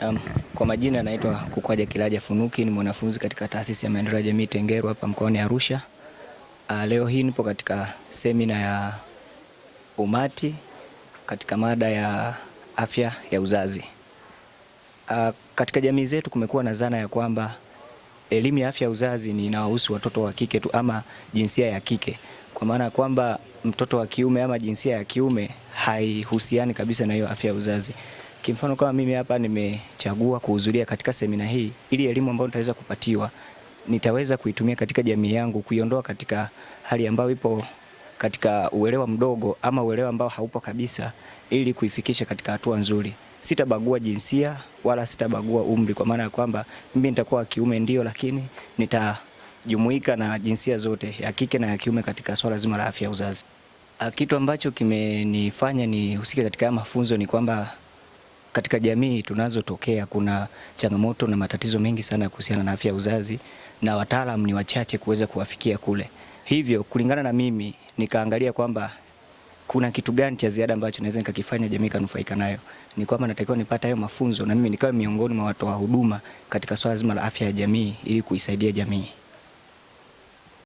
Um, kwa majina naitwa Kukwaja Kilaja Funuki, ni mwanafunzi katika taasisi ya maendeleo ya jamii Tengeru hapa mkoani Arusha. Uh, leo hii nipo katika semina ya umati katika mada ya afya ya uzazi. Uh, katika jamii zetu kumekuwa na zana ya kwamba elimu ya afya ya uzazi ni inawahusu watoto wa kike tu ama jinsia ya kike, kwa maana ya kwamba mtoto wa kiume ama jinsia ya kiume haihusiani kabisa na hiyo afya ya uzazi. Kimfano, kama mimi hapa nimechagua kuhudhuria katika semina hii, ili elimu ambayo nitaweza kupatiwa nitaweza kuitumia katika jamii yangu, kuiondoa katika hali ambayo ipo katika uelewa mdogo ama uelewa ambao haupo kabisa, ili kuifikisha katika hatua nzuri. Sitabagua jinsia wala sitabagua umri, kwa maana ya kwamba mimi nitakuwa kiume ndio, lakini nitajumuika na jinsia zote ya kike na ya kiume katika swala zima la afya ya uzazi. Kitu ambacho kimenifanya nihusike katika mafunzo ni kwamba katika jamii tunazotokea kuna changamoto na matatizo mengi sana kuhusiana na afya ya uzazi na wataalamu ni wachache kuweza kuwafikia kule. Hivyo kulingana na mimi nikaangalia kwamba kuna kitu gani cha ziada ambacho naweza nikakifanya jamii kanufaika nayo, ni kwamba natakiwa nipate hayo mafunzo na mimi nikawa miongoni mwa watoa huduma katika swala zima la afya ya jamii ili kuisaidia jamii.